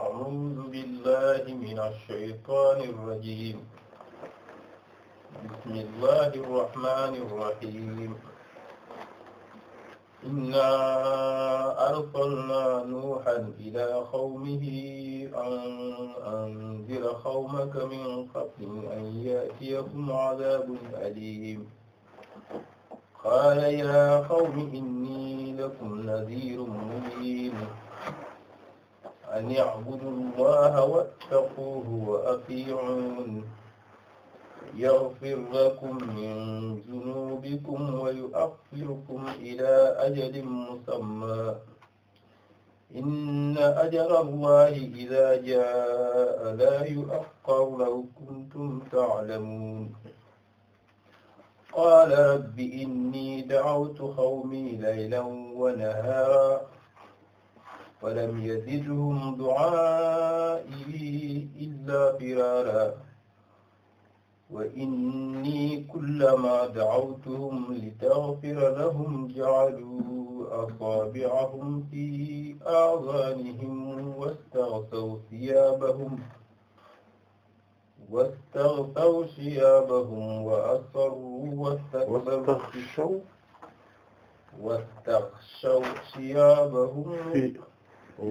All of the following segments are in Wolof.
أعوذ بالله من الشيطان الرجيم بسم الله الرحمن الرحيم إنا أرسلنا نوحا إلى قومه أن أنذر قومك من قبل أن يأتيكم عذاب أليم قال يا قوم إني لكم نذير مبين أن اعبدوا الله واتقوه وأطيعون يغفر لكم من ذنوبكم ويؤخركم إلى أجل مسمى إن أجل الله إذا جاء لا يؤخر لو كنتم تعلمون قال رب إني دعوت قومي ليلا ونهارا فلم يزدهم دعائي إلا فرارا وإني كلما دعوتهم لتغفر لهم جعلوا أصابعهم في آذانهم واستغشوا ثيابهم واستغشوا ثيابهم وأصروا واستكبروا واستغشوا ثيابهم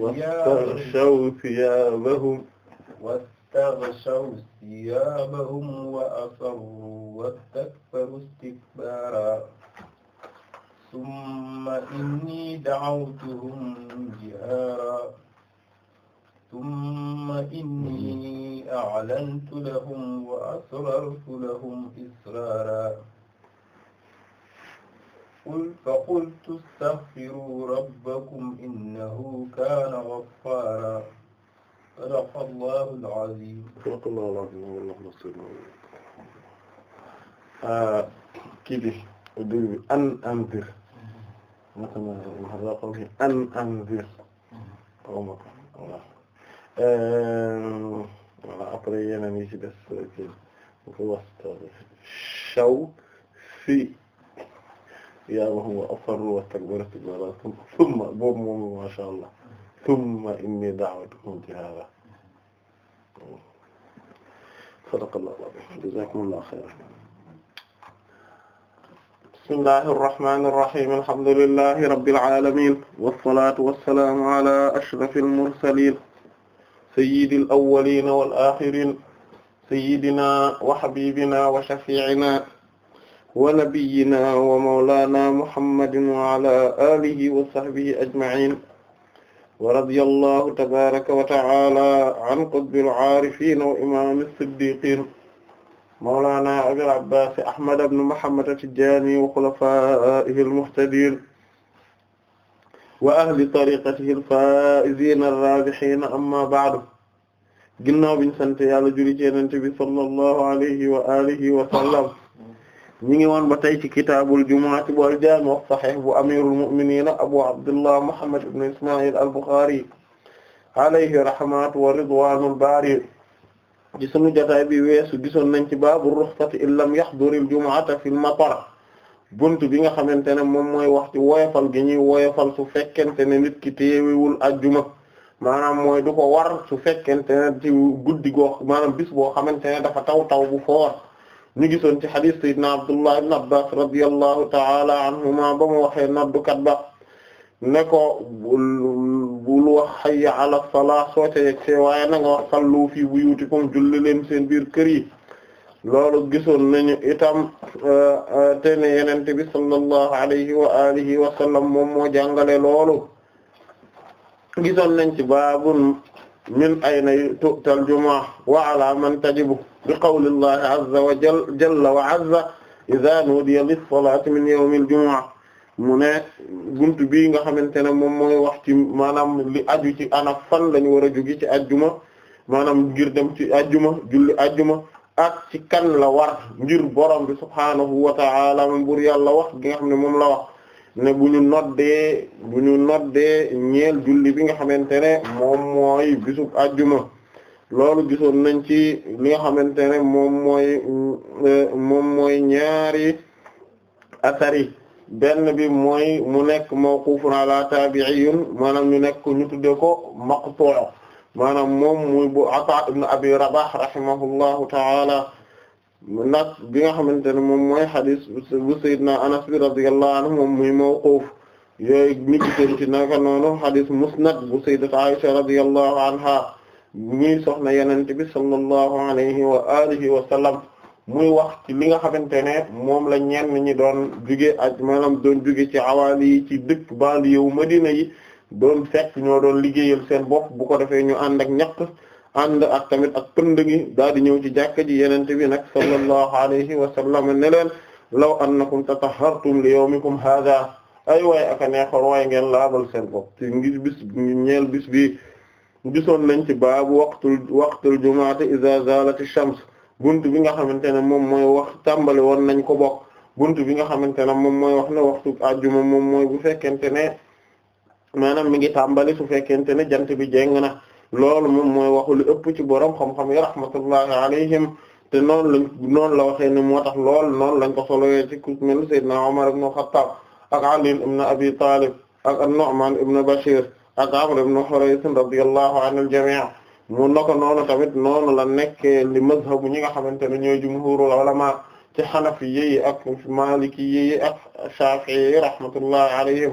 wastaghshaw thiyaabahum wastaghshaw thiyaabahum wa asarru wastakbaru istikbaara summa inni da'awtuhum jihaaran summa inni a'lantu lahum wa asrartu lahum israaran قل فقلت استغفروا ربكم إنه كان غفارا صدق الله العظيم صدق الله العظيم allahumma salli ala kii bi dégg bi an anzir naka ma maa xam ne an anzir xaw ma ko voilà après yeneen yi ci des kii bu ko wax taw fi iyaabahum wa asarru wastakbaru istikbaaran thumma boobu moom ma sha Allah thumma inni da'awtuhum jihaaran sadaqallahu al-aziim jazaakumullaahu khayran bismillahir rahmaanir rahiim alhamdulillahi rabbil aalamiin wassalaatu wassalaamu alaa ashrafil mursaliin sayyidil awwaliina wal aaxiriin sayyidinaa wa habiibinaa wa shafii'inaa wa nabiyyina wa mawlana muhammadin wa ala alihi wa sahbihi ajma'in wa radiyallahu tabaraka wa ta'ala an qutbil aarifin wa imam as-siddiqin mawlana abil abbas ahmad ibn muhammad at-tijani wa khulafa'ihi al-muhtadin wa ahli tariqatihi al-fa'izin ar-rabihin amma ba'du ginnaaw biñ sant yàlla julli ci Yonent bi sallallahu alayhi wa alihi wa sallam ñi ngi woon ba tey ci kitaabul jumu'ati wal jaami' sahih bu amirul mu'minin abu abdullah muhammad ibn isma'il al-bukhari alayhi wa ridwanul bari ci sunu jotaay bi weesu gisoon nañ ci baabu ruxsati in lam yahduril jumu'ata fil matar bunt bi nga xamante ne moom mooy wax ci woyofal gi ñuy woyofal su fekkente ne nit ki teewewul ajjuma maanaam mooy du ko war su fekkente ne ci guddi goo maanaam bis boo xamante ne dafa taw taw bu foor ñu gisoon ci xadis sayyidina Abdullah ibn Abbas radiyallahu ta'ala anhuma ba mu waxee noddukat ba ne ko bul wax hayya ala salah soo waaye na nga wax fi buyutikum julli leen seen biir kër yi loolu gisoon nañu itam euh, euh, te ne yonent bi sallallahu alayhi wa alihi wa sallam moom moo jàngale loolu gisoon nañ ci baabun min ayna tu'tal jumaa wa ala man tajibu bi qawlillahi azza wa jalla wa azza idha nudiya lis-salati min yawmil jumu'a mu ne buntu bi nga xamante ne moom mooy wax ci maanaam li aju ci ana fan lañu war a jógi ci ajjuma maanaam ngir dem ci ajjuma julli ajjuma ak ci kan la war ngir borom bi subhaanahu wa ta'ala moom bur yàlla wax gi nga xam ne moom la wax ne bu ñu noddee bu ñu noddee ñeel julli bi nga xamante ne moom mooy bisub ajjuma loolu gisoon nañ ci li nga xamante ne moom mooy moom mooy ñaari asari benn bi mooy mu nekk mawqufun ala tabi'iyun maanaam ñu nekk ñu tudde ko maqtu' maanaam moom muy bu Ata ibn Abi Rabah rahimahullahu ta'ala nag bi nga xamante ne moom mooy hadith bu sayyidina Anas bi radiyallahu moom muy mawquf yooyu nit ci naka noonu hadith musnad bu sayyidati Aisha radiyallahu anha ñii soxna yenente bi sallallahu alayhi wa alihi wa sallam muy wax ci li nga xamante ne moom la ñenn ñi doon juge ak maanaam doon juge ci awaali yi ci dëkk banlieue Madina yi doon fekk ñoo doon liggéeyal seen bopp bu ko defee ñu ànd ak ñaq ànd ak tamit ak pënd daal di ñëw ci jàkka ji yenente bi nag sallallahu alayhi wa sallam ne law annakum tatahhartum li yawmikum hadha ay waay aka neexoon waaye ngeen laabal seen bopp ci ngir bis ñeel bis bi gisoon nañ ti baabu waqtul waqtul jumaati iza zalati shams bunt bi nga xamante ne moom mooy wax tàmbali woon nañ ko bokk bunt bi nga xamante ne moom mooy wax ne waxtu àjjuma moom mooy bu fekkente ne maanaam mi ngi tàmbali su fekkente ne jant bi jéng na loolu mooy waxu lu ëpp ci borom xam-xam yi rahmatullahi alayhim te noonu lañ noonu la waxee ne moo tax lool noonu lañ ko solowee ci ku mel Seydina Umar ibn Khattab ak Ali na Abi Talib ak an-Nu'man ibn Bashir ak Amr ibn Hurays radiyallahu anil jami' mu naka noonu tamit noonu la nekke li mazhabu ñi nga xamante ne ñooy jumhurul ulama ci hanafiyyi ak malikiyyi ak shafi'i rahmatullahi alayhim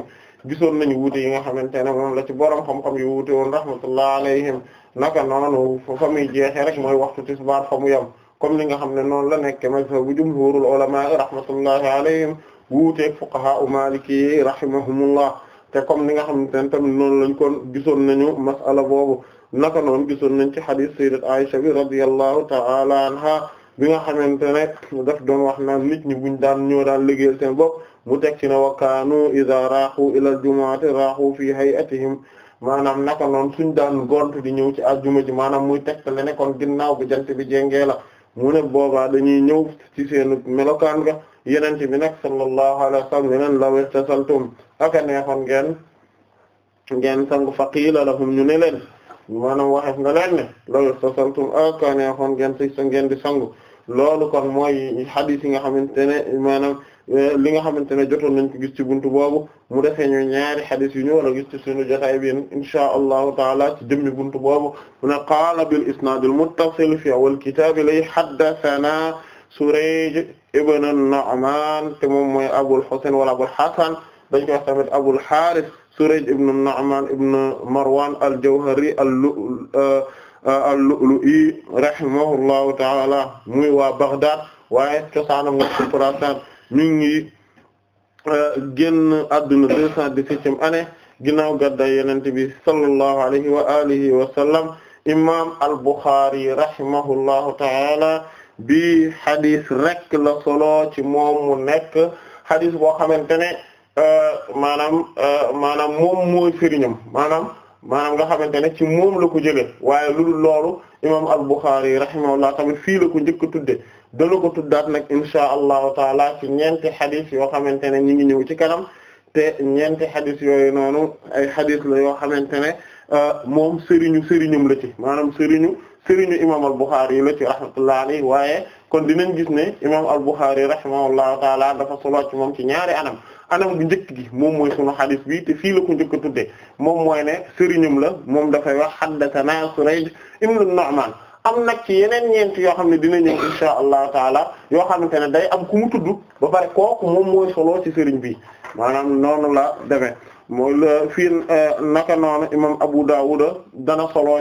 gison nañu wuute yi nga xamante ne moom la ci borom xam-xam yu wuute woon rahmatullahi alayhim naka noonu fa muy jeexee rek mooy waxtu tisbaar fa mu yem comme li nga xam ne noonu la nekk mazhabu jumhurul ulama rahmatullahi alayhim wuuteeg fuqaha u malikiyyi rahimahumullah te comme ni nga xamante ne tam noonu lañ kon gisoon nañu masala boobu naka noonu gisoon nañ ci hadith sayyidat Aisha bi radiyallahu ta'ala anha bi nga xamante ne daf doon wax naan nit ñi buñ daan ñoo daan liggéeyal seen bopp mu teg ci ne wa kaanu idha raahu ila al-jumu'ati raahu fi hay'atihim maanaam naka noonu suñ daan gontu di ñëw ci àjjuma ji maanaam muy tegtale ne kon ginnaaw bi jant bi jéngee la mu ne boobaa dañuy ñëw ci seen melokaan ga yenente bi nag sallallahu alayhi wa sallam yeneen law istasaltum aka neexoon ngeen ngeen sangu faqiila lahum ñu ne leen maanaam waxef nga leen ne loolu sasaltum aka neexoon ngeen ngeen di sangu loolu kon mooy hadith yi nga xamante ne maanaam eh, li nga xamante ne jotoon nañ ci buntu boobu mu defee ñu ñaari hadith yu ñu war a gis ci suñu bi insha allahu taala ci jëmmi buntu boobu mu ne qaala bil isnaad al muttasil fi awal kitaab lay haddathana Surayj ibn an-Nu'man te moom mooy Abul Husayn wala Abul Hasan dañ koy abu tamit Abul Harith Surayj ibn Nu'man ibn Marwan al-Jawhari euh, al-Lu'lu'i ta'ala muy waa Baghdad waaye cosaanam nga Khurasan ñu ngi euh, génn adduna deux cent dix-septième année ginnaaw gàddaay Yonent bi sallallahu alayhi wa wa sallam imam al-Bukhari rahimahullahu ta'ala bi hadis rek la solo ci moom mu nekk hadis boo xamante ne Euh, maanaam euh, maanaam moom mooy sëriñam maanaam maanaam nga xamante ne ci moom la ko jëlee waaye lu dul loolu imaam al-Bukhari rahimahullah tamit fii la ko njëkk a tudde dana ko tuddaat nag insha allahu taala ci ñeenti xadis yoo xamante ne ñu ngi ñëw ci kanam te ñeenti xadis yooyu noonu ay xadis la yoo xamante ne euh, moom sëriñu sëriñum la ci maanaam sëriñu sëriñu imaam al-Bukhari la ci rahmatullah alayhi waaye kon dinañ gis ne imaam al-Bukhari rahimahullahu taala dafa solo ci moom ci ñaari anam anam bu njëkk gi moom mooy sunu xadis bi te fii la ko njëkk a moom mooy ne sëriñum la moom dafay wax haddathana Surayj ibn Nu'man am nag ci yeneen ñeent yoo xam ne dina ñëw insha allahu taala yoo xamante ne day am ku mu ba pare kooku moom mooy solo ci sëriñ bi maanaam noonu la demee mooy la fii euh, naka noonu imam Abu Dawud dana solo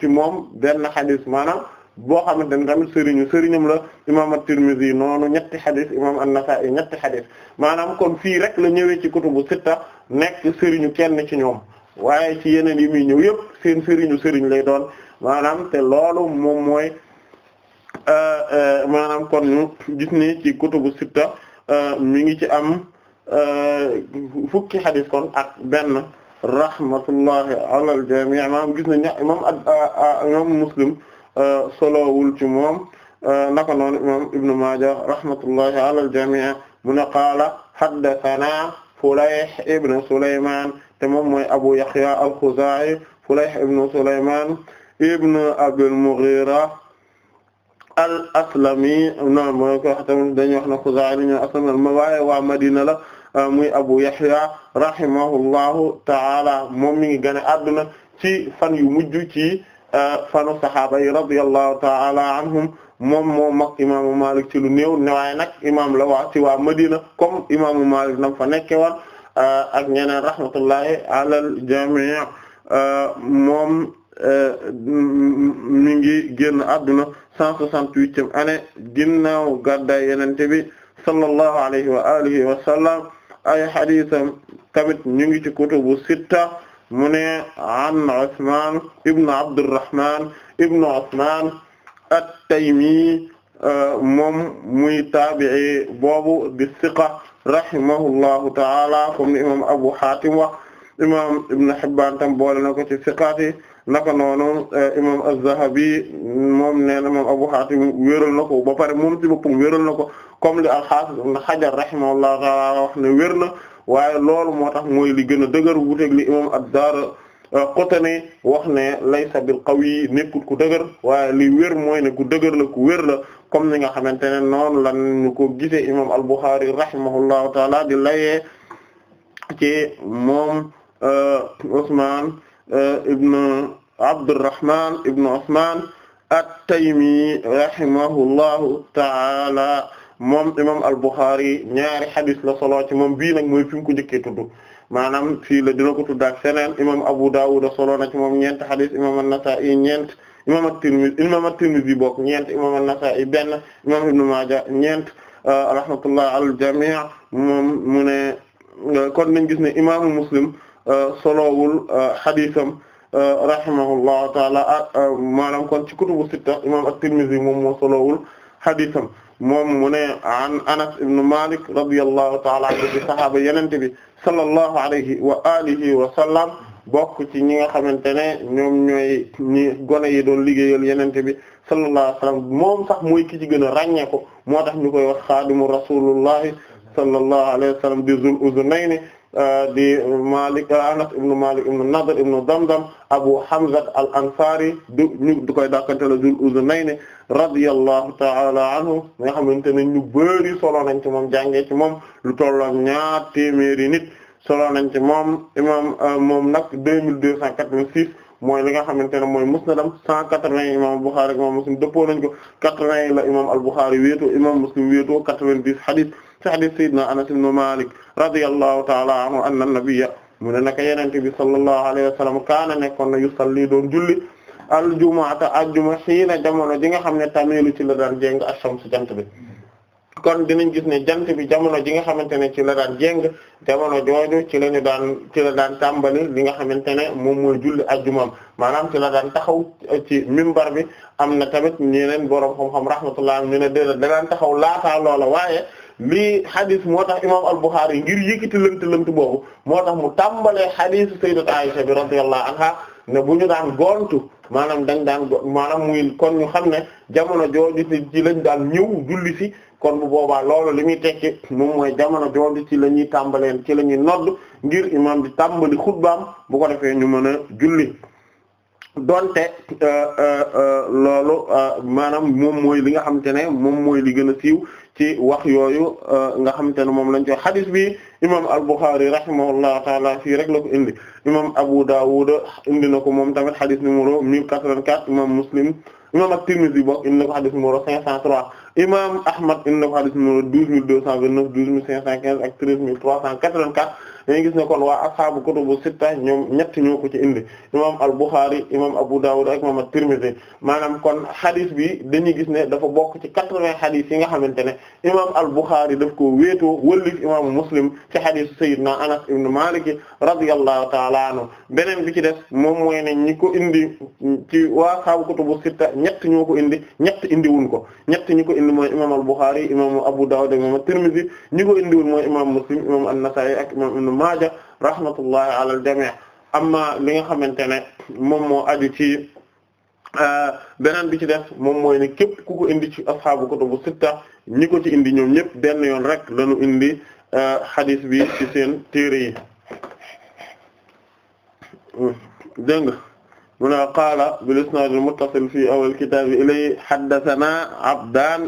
ci moom benn xadis maanaam boo xam ne tamit sëriñu sëriñam la imam at-Tirmidhi noonu ñetti xadis imam an-Nasa'i ñetti xadis maanaam kon fii rek la ñëwee ci kutubu sitta nekk sëriñu kenn ci ñoom waaye ci yeneen yi muy ñëw yëpp seen sëriñu sëriñ lay doon maanaam te loolu moom mooy euh, euh, maanaam kon gis ni ci kutubu sitta euh, mi ngi ci am fukki xadis kon ak benn rahmatullahi ala al-jami' gis nañ imam imam Muslim Euh, solowul ci mom euh, naka noonu imam ibnu Maaja ala al-jamii mu ne qaala haddathana Fulayh ibnu Sulaymaan te moom mooy Abu Yahya al-Khuzaa'i Fulayh ibnu Sulaymaan ibnu Abil Mughira al mooy ko tamit dañuy wax ne Khuzaa'i waaye waa Madina la euh, muy Abu Yahya rahimahullahu ta'ala moom mi ngi gën a ci fan yu mujj ci fanu sahaaba yi radiyallahu ta'ala anhum moom moo mag imaamu Malik ci lu néew waaye nag imaam la waa ci waa Madina kom imaamu Malik nam fa nekke woon uh, ak ñeneen rahmatullahi alal jamii uh, moom uh, mi ngi génn adduna cent soixante-huitième année ginnaaw gàddaay Yonent bi sallallahu alayhi wa alihi ay hadiisam tamit ñu ngi ci kutubu sitta mu ne an Usman ibn Abdurrahman ibn Usman at-Taymi euh, moom muy taabi'i boobu di siqa rahimahullahu ta'ala comme imam Abu Hatim wax imam Ibn Hibban tam boole na ko ci siqaati naka noonu euh, imam Az-Zahabi moom nee na moom Abu Hatim wéral na ko ba pare moom ci boppam wéral na ko comme li al-Hafiz Ibn Hajar rahimahullahu ta'ala wax ne wér na waaye loolu moo tax mooy li gën a dëgër wuuteeg li imam ad-Daaraqutni euh, wax ne laysa bil qawi nekkul ku dëgër waaye li wér mooy ne ku dëgër la ku wér la comme ni nga xamante ne noonu lan ñu ko gisee imam al-Bukhari rahimahullahu taala di layee ci moom euh, Usmaan euh, ibn Abdurrahman ibn Usmaan at-Taymi rahimahullahu taala moom imam al-Bukhari ñaari xadis la solo ci moom bii nag mooy fi mu ko maanaam fii la dina ko tudd ak feneen imam Abu Dawud solo na moom ñeent xadis imam an-Nasa'i ñeent imam at-Tirmidhi imam at-Tirmidhi bokk ñeent imam an-Nasa'i benn imam Ibn Maaja ñeent euh, rahmatullah al jami' moom mu ne euh, kon nañ gis ne imaamu Muslim euh, solowul xadisam rahimahullahu taala maanaam kon ci kutubu sitta imam at-Tirmidhi moom moo solowul xadisam moom mu ne an Anas ibn Malik radiyallahu ta'ala anhu bi sahaaba yenente bi sallallahu alayhi wa alihi wa sallam bokk ci ñi nga xamante ne ñoom ñooy ñi gone yi doon liggéeyal yenente bi sallallahu alayhi wa sallam moom sax mooy ki ci gën a ràññee ko moo tax ñu koy wax xaadimu rasulullahi sallallahu alayhi wa sallam di zul uznayni di Malik Anas ibn Malik ibn Nadr ibn Damdam Abu Hamza al-Ansari du ñu du koy dàkkantele Dul Uznayni radiyallahu ta'ala anhu nga xamante ne ñu bëri solo nañ ci moom jàngee ci moom lu tolloo ñaar téeméeri nit solo nañ ci moom imam euh, moom nag deux mille deux cent quatre-vingt-six mooy li nga xamante ne mooy musnadam cent quatre-vingts imam Bukhari ak imam Muslim dëppoo nañ ko quatre-vingts la imam al-Bukhari wéetoo imam Muslim wéetoo quatre-vingt-dix hadith fi hadith sayyidina Anas ibn Malik radiyallahu ta'ala anhu anna nabiyya mu ne naka yenente bi sallallahu alayhi wa sallam nekkoon na yusalli doon julli aljumata ajjuma xiina jamono ji nga xam ne tamilu ci la daan jéng ash-shamsu jant bi kon dinañ gis ne jant bi jamono ji nga xamante ne ci la daan jéng jamono jooju ci lañu daan ci daan tàmbali li nga xamante ne moom mooy julli ajjumaam maanaam ci la taxaw ci mimbar bi am na tamit ñeneen boroom xam-xam rahmatullah ñu ne da daan taxaw laataa loola waaye lii xadis moo tax imam al-Bukhari ngir yëkkati lënt lënt boobu moo tax mu tàmbalee xadis sayyidat Aisha bi an anha ne bu ñu daan gontu maanaam dañ daan maanaam muy kon ñu xam ne jamono jooju ci lañ daan ñëw julli si kon bu boobaa loolu li muy tekki moom mooy jamono jooju ci la ñuy tàmbalee ci la ñuy nodd ngir imam bi tàmbali xutbaam bu ko defee ñu mën a julli donte euh, euh, euh, loolu maanaam moom mooy li nga xamante ne moom mooy li gën a siiw ci wax yooyu euh, nga xamante ne moom lañ ci xadis bi imam al-Bukhari rahimahullahu taala fii rek la ko indi imam Abu Dawud indi na ko moom tamit xadis numéro 1084 imam Muslim imam at-Tirmidhi bokk indi na ko xadis numéro 503 imam Ahmad indi na ko xadis numéro 12229 12515 ak 13384 dañuy gis ne kon waa ashaabu kutubu sitta ñoom ñett ñoo ko ci indi imam al-Bukhari imam Abu Dawud ak imam at maanaam kon hadith bi dañuy gis ne dafa bokk ci quatre-vingts hadith yi nga xamante ne imam al-Bukhari daf ko wéetoo wëllif imam Muslim ci hadith sayyidina Anas ibn Malik radiyallahu ta'ala anhu beneen bi ci des moom mooy ñi ko indi ci waa ashaabu kutubu ko indi ñett indi wuñ ko indi mooy imam al-Bukhari imam Abu Dawud imam at-Tirmidhi ñi ko indi wuñ mooy imam Muslim imam an-Nasa'i ak imam Maaja rahmatullahi ala al-jami' amma li nga xamante ne moom moo aju ci euh, beneen bi ci def moom mooy ne képp ku ko indi ci ashaabu kutubu sitta ñi ko ci indi ñoom ñëpp benn yoon rek lañu indi euh, xadis bi ci seen téere yi dégg nga mu ne qaala bil isnaad al muttasil fii awal kitaab ilayhi haddathana Abdaan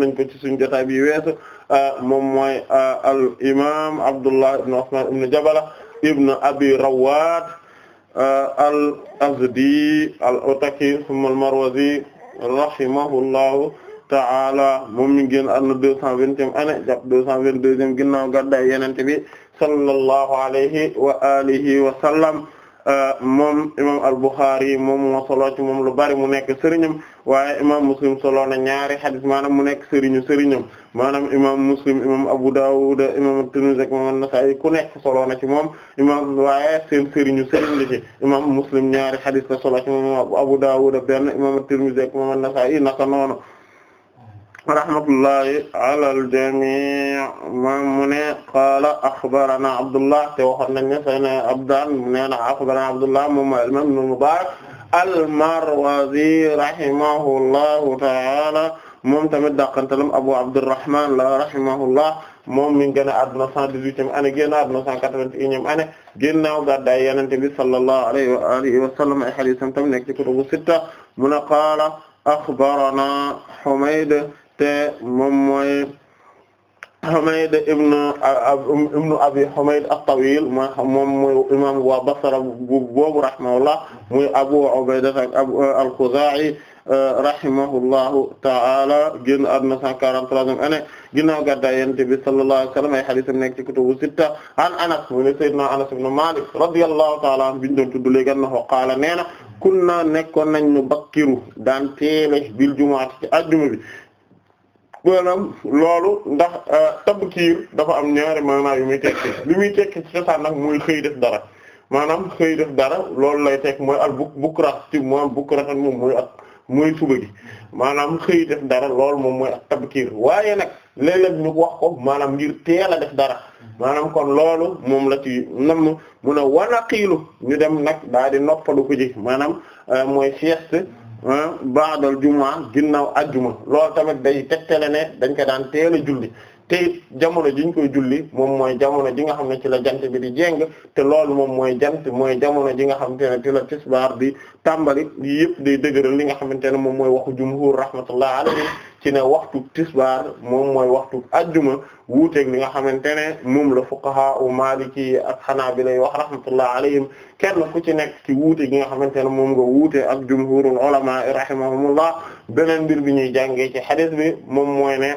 nañ ko ci suñu jotaay bi weesu Ah, moom mooy ah, al imaam Abdullah ibn Usman ibn Jabala ibn Abi Rawwad ah, al Azdi al Ataki thumma al Marwazi rahimahullahu ta'ala moom mi ngi génn àdduna deux cent vingtième année jàpp deux cent vingt-deuxième ginnaaw gàddaay Yonent bi sallallahu alayhi wa alihi wa sallam Euh, moom imam al-Bukhari moom moo solo ci moom lu bari mu nekk sëriñam waaye imam Muslim solo na ñaari hadith maanaam mu nekk sëriñu sëriñam maanaam imam Muslim imam Abu Dawud imam At-Tirmidhi ak ku nekk solo na ci moom imam waaye seen sëriñu sëriñ la ci imam Muslim ñaari hadith la solo ci moom Abu Dawud benn imam At-Tirmidhi ak imam an rahmatullahi ala al-jamii mu ne qaala axbarana Abdullah te waxoon nañ ne sayna Abdaan mu ne axbarana Abdullah moom al-imaam ibn al-Mubaarak al-Marwazi rahimahullahu ta'ala moom tamit dàqantalam Abu Abdurrahman la rahimahullah moom mi ngi gën a adduna 118e année génn adduna 181e année ginnaaw gàddaay Yonent bi sallallahu alayhi wa alihi wa sallam ay hadiisam tam nekk ci kutubu sitta mu ne qaala axbarana Humayd te moom mooy Humayd ibn ibn Abi Humayd at-Tawil moom mooy imam waa Basra boobu rahimahullah muy Abu Ubayda euh, al-Khuzaa'i euh, rahimahullahu ta'ala génn àdduna 143e année ginnaaw gàddaay Yonent bi sallallahu alayhi wa sallam ay hadiisam nekk ci kutubu sitta an Anas mu Anas ibn Malik radiyallahu ta'ala anhu biñ doon tudd léegi na qaala nee na kunna nekkoon nañ nu bakkiru daan teele bil jumu'ati ci àjjuma bi maanaam loolu ndax euh, tabkiir dafa am ñaari maanaam yu muy tekki li muy tekki ci nag muy xëy def dara maanaam xëy def dara loolu lay tek mooy al buk bukra ci moom bukra tan moom mooy ak mooy suba maanaam xëy def dara loolu moom mooy ak tabkiir waaye nag léeg-léeg ñu wax ko maanaam ngir teel def dara maanaam kon loolu moom la ci nam mu ne wanaqiilu ñu dem nag daal di noppalu ko ji maanaam euh, mooy sieste baadal juma ginnaaw ajjuma loolu tamit day tele ne dañ ko daan teel a julli te jamono jiñ koy julli moom mooy jamono ji nga xam ne ci la jant bi di jéng te loolu moom mooy jant mooy jamono ji nga xamante ne ci la tisbaar di tàmbali yëpp day dëgëral li nga xamante ne moom mooy waxu jumhur rahmatullah alayhi ci ne waxtu tisbaar moom mooy waxtu ajjuma wuuteeg li nga xamante ne moom la fuqaha u maliki ak xanaabila wax rahmatullah alayhim kenn ku ci nekk ci wuute gi nga xamante ne moom nga wuute ak jumhurul ulama rahimahumullah beneen mbir bi ñuy jàngee ci xadis bi moom mooy ne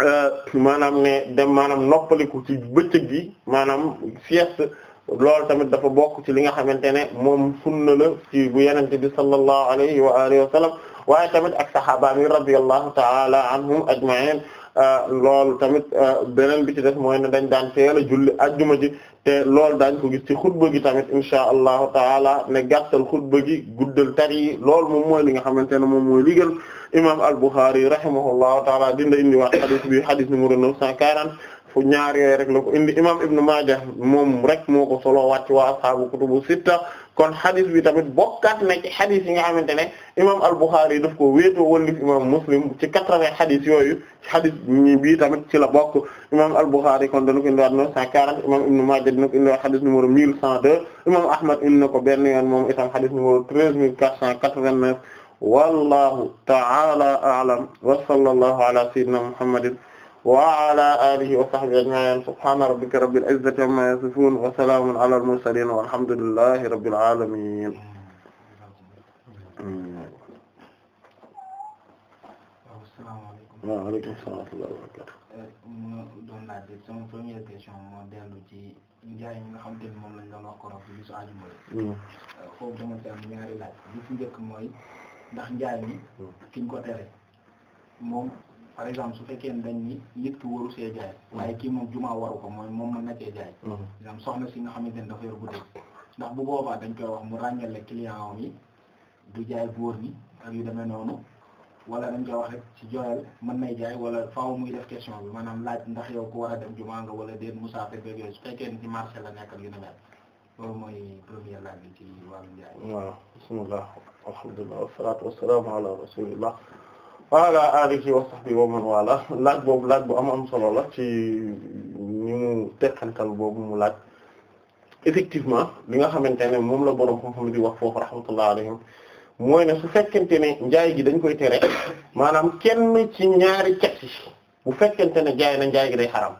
euh, maanaam ne dem maanaam noppaliku ci bëccëg gi maanaam sieste loolu tamit dafa bokk ci li nga xamante ne moom sunna la ci bu yenente bi sallallahu alayhi wa alihi wa sallam waaye tamit ak sahaaba mi radiyallahu ta'ala anhum ajma'in euh, loolu tamit euh, beneen bi ci des mooy ne dañ daan teel a julli ajjuma ji te loolu daañ ko gis ci xutba gi tamit inshaa allahu taala ne gàttal xutba gi guddal tar loolu moom mooy li nga xamante ne moom mooy ligal imam al-Bukhari rahimahullahu taala dinda indi waat xadis bi xadis numéro neuf cent quarante fu ñaar yooyu rek la ko indi imam Ibn Maaja moom rek moo ko solo wàcc waa ashaabu kutubu sitta kon xadis bi tamit bokkaat na ci xadis yi nga xamante ne imam al-Bukhari yi daf ko wéetoo wallif imam Muslim ci quatre-vingts xadis yooyu ci bii tamit ci la bokk imam al-Bukhari kon dana ko indiwaat neuf cent quarante imam Ibn Majah dina ko indiwaat xadis numéro mille cent deux imam Ahmad indi na ko benn yoon moom itam xadis numéro treize mille quatre cent quatre-vingt-neuf wallahu ta'ala a'lam wa sallallahu ala sayyidina Muhammadin wa ala alihi wa sahbihi ajma'in subhana rabbika rabbil izzati amma yasifun wa salamun ala al mursalin walhamdulillahi rabbil alamin waaw aleykum salaam wa rahmatullahi wa barakatuh hmm. mu doon laaj bi sama première question moo dellu ci njaay mi nga xam te ne moom lañ doon wax ko rob bi su ajuma yi foofu dama ci am ñaari laaj bi fi njëkk mooy ndax njaay mi kiñ ko tere moom par exemple su fekkee ne dañ nit ki waru see jaay waaye kii moom jumaa waru ko mooy moom mën na cee jaay mhm. exemple soxna si nga xamante ne dafa yor guddi ndax bu boobaa dañ koy wax mu ràññale client yi du jaay góor ñi ak yu demee noonu wala dañ koy wax rek ci joyal mën nay jaay wala faaw muy def question bi maanaam laaj ndax yow ku war a dem jumaa nga wala déet musaafir beeg yooyu su fekkee ne ci marché la nekk ak yu demee loolu mooy première laaj bi ci wàllu jaay waaw bismillah alhamdulillah wasalaatu wasalaamu ala wa ala alihi wa sahbihi wa man wala laaj boobu laaj bu am am solo la ci ñu mu teqantal boobu mu laaj effectivement li nga xamante ne moom la boroom xam-xam di wax foofu rahmatullah alayhim mooy ne su fekkente ne njaay gi dañ koy tere maanaam kenn ci ñaari cet bu fekkente ne jaay na jaay gi day xaram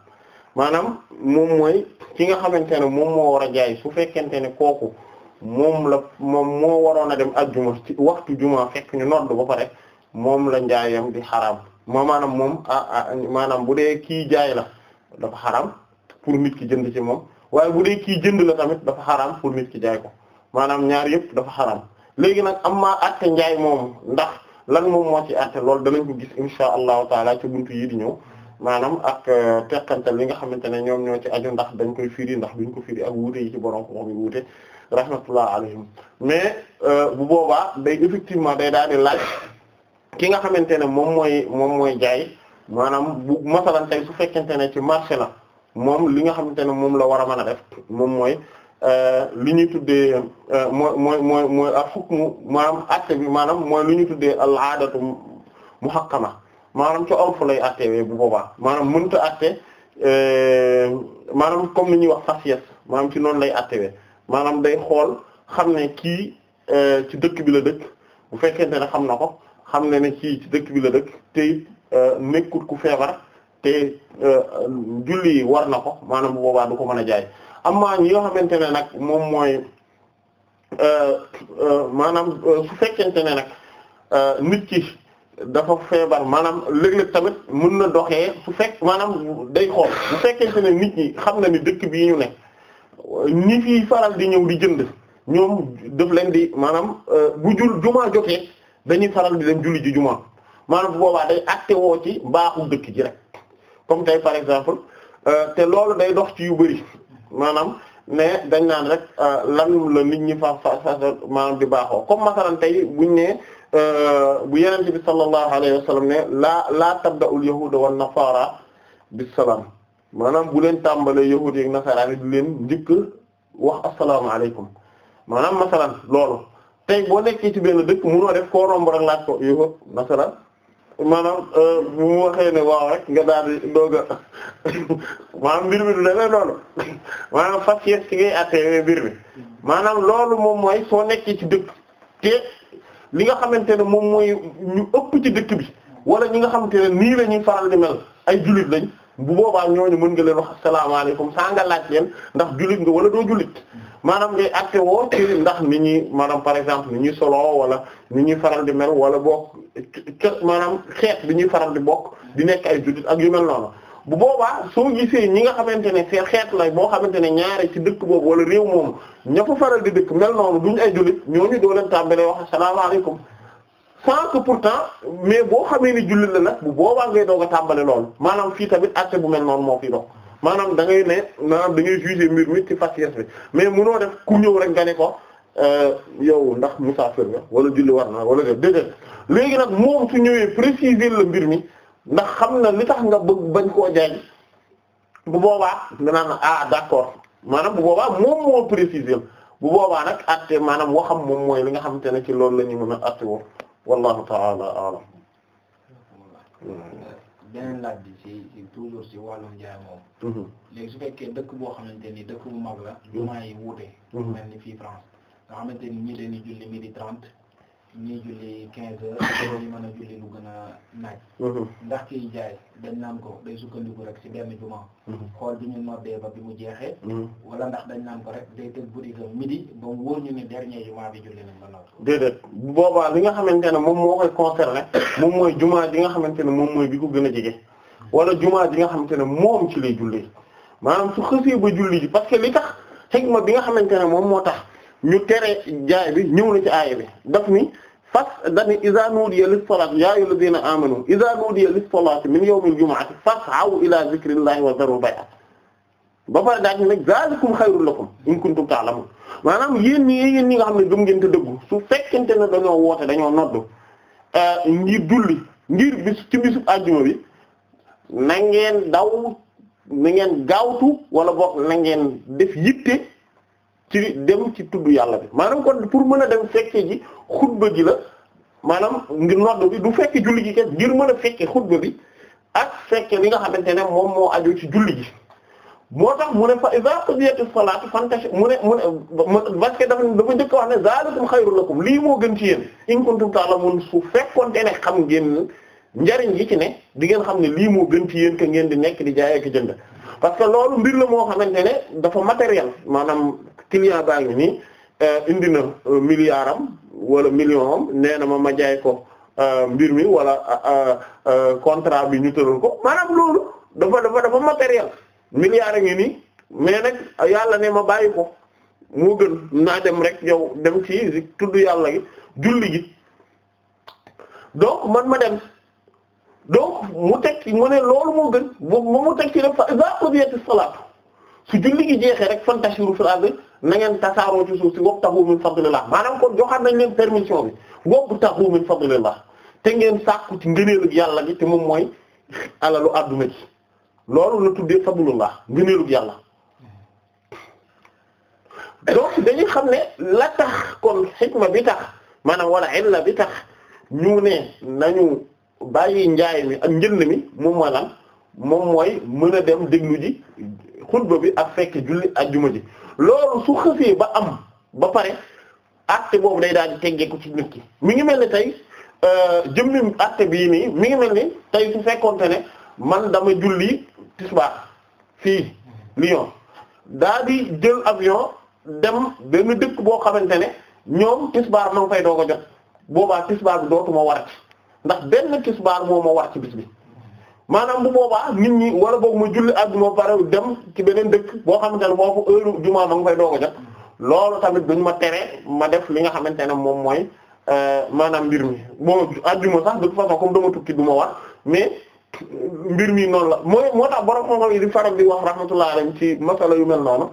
maanaam moom mooy ki nga xamante ne moom moo war a jaay su fekkente ne kooku moom la moom moo waroon a dem ak juma ci waxtu jumaa fekk ñu nodd ba pare moom la njaayam di xaram moo maanaam moom ah, ah, maanaam bu dee kii jaay la dafa xaraam pour nit ki jënd ci moom waaye bu dee kii jënd la tamit dafa xaram pour nit ki jaay ko maanaam ñaar yëpp dafa xaram léegi nag am maa àtte njaay moom ndax lan moom moo ci àtte loolu danañ ko gis insha allahu taala ci buntu di ñëw maanaam ak euh, teqantal li nga xamante ne ñoom ñoo ci aju ndax dañ koy firi ndax duñ ko firi ak wuute yi ci borom ko mi wuute rahmatullah alayhim mais euh, bu boobaa day effectivement day daal di laaj ki nga xamante ne moom mooy moom mooy jaay maanaam bu masalan tey su fekkente ne ci marché la moom li nga xamante ne moom la war a mën a def moom mooy euh, li ñuy tuddee euh, mooy mooy mooy mooy al hukmu maanaam bi maanaam mooy li ñuy tuddee al aadatu muhakkama maanaam ci orfu lay bu boobaa maanaam mënut a acte euh, maanaam comme ni ñuy wax fas yes ci noonu lay actewee maanaam day xool xam ne kii ci dëkk bi la dëkk bu fekkente ne xam na ko xam ne ne ci dëkk bi la dëkk te euh, nekkut ku feebar te euh, julli war na ko maanaam bu boobaa du ko mën a jaay amma ñi nga xamante ne nag moom mooy euh, maanaam su fekkente ne nag nit ki dafa feebar maanaam léeg-léeg mën na doxee su fekk maanaam day xool bu ne nit ñi xam na ni dëkk bii ñu ne ñi fi faral di ñëw di jënd ñoom daf leen di maanaam bu jul jumaa jotee dañuy faral di dem julli ju jumaa maanaam bu boobaa day acté woo ci baaxul dëkk ji rek comme tey par exemple euh, te loolu day dox ci yu bari maanaam ne dañ naan rek euh, lan la nit ñi fa fa fa maanaam di baaxoo comme masalan tey buñ ne euh, bu yenente bi sallallahu alayhi wa sallam ne laa laa tabda'ul yahuda wan nasara bisalaam maanaam bu leen tàmbalee yahud yeeg nasaraan leen njëkk wax asalaamaaleykum maanaam masalan loolu tey boo nekkee ci benn dëkk munoo def koo romb rek laaj ko yow nasaraan maanaam euh, bu mu waxee ne waaw rek nga daal di doog a maanaam mbir mi du demee maanaam fas ngay atténuer mbir mi maanaam loolu moom mooy soo nekkee ci dëkk te li nga xamante ne moom mooy ñu ëpp ci dëkk bi wala ñi nga xamante ne nii la ñuy faral di mel ay jullit lañ. bu boobaa ñooñu mën nga leen wax asalaamaaleykum saa nga laaj leen ndax jullit nga wala doo julit maanaam ngay acté woo ci ndax ni ñuy maanaam par exemple ni ñuy solo wala ni ñuy faral di mel wala bokk maanaam xeet bi ñuy faral di bokk di nekk ay jullit ak yu mel noonu bu boobaa soo gisee ñi nga xamante ne seen xeet la boo xamante ne ñaare ci dëkk boobu wala réew moom ña fa faral di dëkk mel noonu duñ ay jullit ñooñu doo leen tàmbalee wax asalaamaaleykum sans que pourtant mais boo xamee ni jullit la nag bu boobaa ngay doog a tàmbale loolu maanaam fii tamit acte bu mel noonu moo fi dox maanaam da ngay ne maanaam da ngay juger mbir mi ci faciès bi mais munoo def ku ñëw rek nga ne ko euh, yow ndax musaafir nga wala julli war na wala déedéet léegi nag moom su ñëwee préciser la mbir mi ndax xam na li tax nga bëgg bañ koo jaay bu boobaa nga naan ah d'accord maanaam bu boobaa moom moo préciser bu boobaa nag acte maanaam waxam moom mooy li nga xamante ne ci loolu la ñu mën a acte wallahu ta'ala a'lam beneen laaj bi ci ci toujours ci wàllum jaay moom mhm. léegi su fekkee dëkk boo xamante ni dëkk bu mag la mhm. jumaa yi wuute mhm. mel ni fii France nga xamante ni ñi leen di julli midi trente ñii julli quinze heures ñu mën a julli lu gën a naaj mhm. ndax kiy jaay dañ naan ko day sukkandiku rek ci benn juma mhm. xool bi ñu noddee ba bi mu jeexee mhm. wala ndax dañ naan ko rek day tëj boutique midi ba mu wóor dernier juma bi julli nañ ba noppi déedéet bu boobaa li nga xamante ne moom moo koy concerné moom mooy juma ji nga xamante ne moom mooy bi ko gën a jege wala juma ji nga xamante ne moom ci lay julli maanaam su xësee ba julli li tax xikma bi nga xamante ne moom moo tax ñu tere jaay bi ñëw na ci aaya bi daf ni fas dani iza nudiya ya salati ya ayyuhalladhina amanu iza nudiya lis-salati min yawmil jumu'ati fas'aw ila dhikrillahi wa dharul bay'a ba pare daal nag zalikum xayrun lakum in kuntum ta'lamun maanaam yéen ñi ñi nga xam ne gëm ngeen te dëggu su fekkente ne dañoo woote dañoo noddu euh, ngir julli ngir bis ci bisub àjjuma bi na ngeen daw na ngeen gaawtu wala boog na ngeen def yitte ci dem ci tudd yàlla bi maanaam kon pour mën a dem fekke ji xutba ji la maanaam ngir nodd du fekke julli gi kat mën a fekke xutba bi ak fekke li nga xamante ne moom moo aju ci julli ji moo tax mu ne fa iza qudiyati salatu fantash mu ne mu ne parce que dafa dafa njëkk wax ne zalikum xayrun lakum lii moo gën ci yéen in kuntum ta'lamun su fekkonte ne xam ngeen njariñ gi ci ne di ngeen xam ne lii moo gën ci yéen que ngeen di nekk di jaayee ko jënd parce que loolu mbir la moo xamante ne dafa matériel maanaam client baa ngi nii eh, indi na eh, milliard am wala million am nee na ma ma ko eh, mbir mi wala contrat bi ñu tëral ko maanaam loolu dafa dafa dafa matériel milliard a ngi nii mais nag yàlla ne ma bàyyi ko moo gën naa dem rek yow dem ci tudd yàlla yi julli gi donc man ma dem donc mu teg ci mu ne loolu moo gën mu mu teg ci rek fa iza qudiyati salaat su julli gi jeexee rek fantashiru fil ardi na ngeen tasaaroo ci suuf si wabtahu min fadlillah maanaam kon joxaat nañ leen permission bi wabtahu min fadlillah te ngeen sàkku ci ngëneelug yàlla gi te moom mooy alalu adduna ji loolu la tuddee fadlullah ngëneelug yàlla donc dañuy xam ne la tax kon xikma bi tax maanaam wala illa bi tax ñu ne nañu bàyyi njaay mi ak njënd mi moom maanaam moom mooy mën a dem déglu ji xutba bi ak fekk julli ajjuma ji loolu su xëfee ba am ba pare acte boobu day daal di ko ci nit ki mi ngi mel ni tey euh, jëmmim acte bii nii mi ngi mel ni tey su fekkonte ne man dama julli tisbaar fii Lyon daa di jël avion dem benn dëkk boo xamante ne ñoom tisbaar ma ngi fay doo ko jot boobaa tisbaar bi dootuma warati ndax benn tisbaar moo ma war ci bis bi maanaam bu boobaa nit ñi wala boog mu julli àjjuma pare dem ci beneen dëkk boo xamante ne boo fa heure jumaa ma nga fay doog a jot tamit dañu ma tere ma def li nga xamante ne moom mooy euh, maanaam mbir mi bon àjjuma sax de toute façon comme dama tukki du ma war mais mbir mi noonu la mooy moo tax borom xam-xam yi di faral di wax rahmatullahi alayhi ci masala yu mel noonu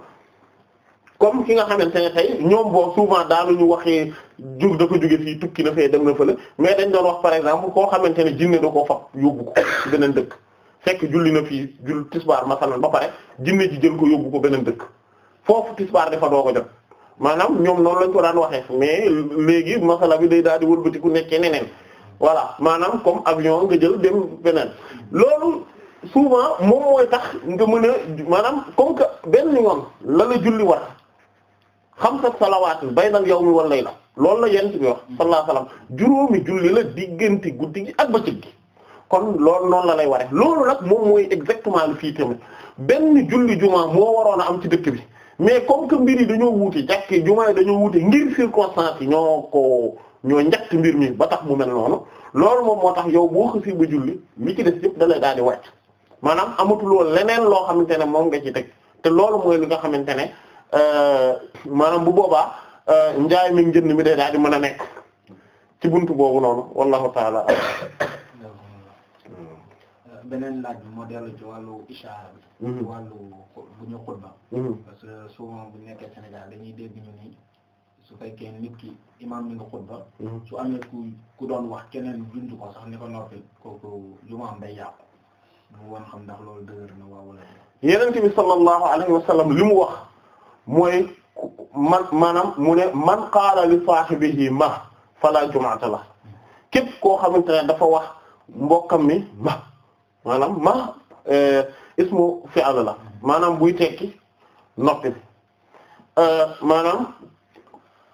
comme ki nga xamante ne tey ñoom boo souvent daanuñu waxee jur dafa jóge fii tukki na fee dem na fële mais dañ doon wax par exemple koo xamante ne jinne da koo fab yóbbu ko beneen dëkk fekk julli na fii jull tisbaar masalan ba pare jinne ji ko yóbbu ko beneen dëkk foofu tisbaar dafa doo ko jot maanaam ñoom noonu lañ ko daan waxee mais léegi masala bi day daal di wëlbati ku nekkee neneen voilà maanaam comme avion nga jël dem beneen loolu souvent moom mooy tax nga mën a maanaam comme que benn yoon la la julli war xamsa salawaat baynal yawmi wal layla loolu la yent bi wax sallallahu alayhi wasallam juróomi julli la diggante guddi gi ak ba ci kon loolu noonu la lay waree loolu nag moom mooy exactement li fii tamit benn julli juma moo waroon a am ci dëkk bi mais comme mbir yi dañoo wuute jàkki juma yi dañoo ngir circonstance yi ñoo ko ñoo njëkk mbir mi ba tax mu mel noonu loolu moom moo tax yow boo xasee ba julli li ci def yëpp da lay daal di wàcc maanaam amatuloo leneen loo xamante ne moom nga ci teg te loolu mooy li nga xamante ne Euh, maanaam bu boobaa euh, njaay mi njënd mi day daal di mën a nekk ci bunt boobu noonu wallahu taala euh, beneen laaj bi moo dellu ci wàllu ishaara mhm. bu ñu xutba mhm. parce que souvent bu nekkee Sénégal dañuy dégg ñu nii su fekkee nit ki imam mi nga xutba mhm. su amee ku ku doon wax keneen juntu ko sax ni ko noppi kooku jumaam day yàqu mu woon xam ndax loolu dëgër na waaw wala yeneen bi sallallahu alayhi wa li mu wax mooy man maanaam mu ne man qaala li saahibihi ma fala jum'ata la képp koo xamante ne dafa wax mbokkam mi ma maanaam ma eh, ismu fi'l la maanaam buy tekki noppi eh, maanaam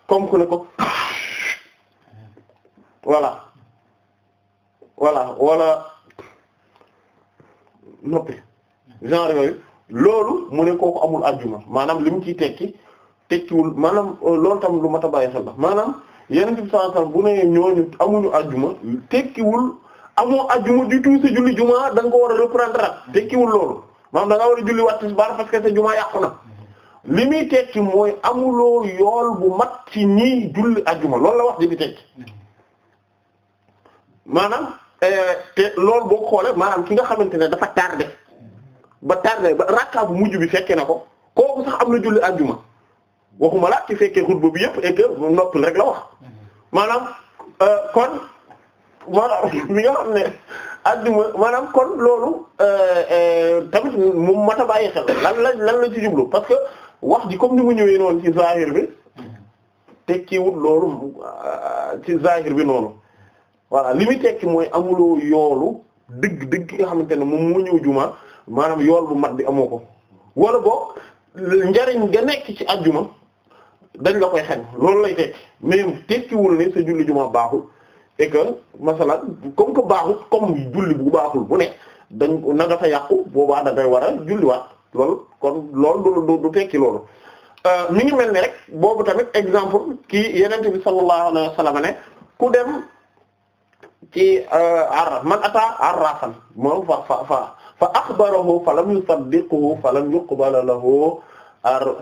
comme ku ne ko wala voilà wala noppi genre yooyu loolu mu ne kooku amul ajjuma maanaam lim mu tekki tekkiwul maanaam euh, loolu tam lu mat a bàyyi xel la maanaam yeneen bi sallallahu alayhi bu ne ñooñu amuñu ajjuma tekkiwul amoo ajjuma du tout sa julli juma da nga ko war a reprendre at tekkiwul loolu maanaam da war a julli waat tisbaar na que sa juma yàqu na li muy tekki mooy amuloo yool bu mat ci ñiy julli ajjuma loolu la wax di bi tekki maanaam euh, te loolu boo xoolee maanaam ki nga xamante ne dafa tardé. ba tardé ba rakka bu mujj bi fekke na ko ko sax am na julli àjjuma waxuma la ci fekkee xutba bi yëpp et que noppil rek la wax maanaam euh, kon maanaam mi nga xam ne àjjuma maanaam kon loolu euh, euh, tamit mu mat a bàyyi xel lan la lan la ci jublu parce que wax ji comme ni mu ñëwee noonu ci zahir bi tekkiwul loolu ci zahir bi noonu voilà li muy tekki mooy amuloo yoolu dëgg dëgg nga xamante ne moom moo ñëw juma maanaam yool bu mat bi amoo ko wala boo njariñ nga nekk ci at juma dañ la koy xañ loolu lay teg mais tekkiwul ne sa julli juma baaxul et que masalan comme que baaxul comme julli bu baaxul bu ne dañ na nga fa yàqu boobaa da ngay war a julliwaat loolu kon loolu du du tekki loolu euh, mi mel ni rek boobu tamit exemple kii yenente bi sallallahu alayhi wa sallam ne ku dem ci euh, man ata arrafan moom fa fa fa fa axbarahu fa lam yusaddiqhu fa lam yuqbala lahu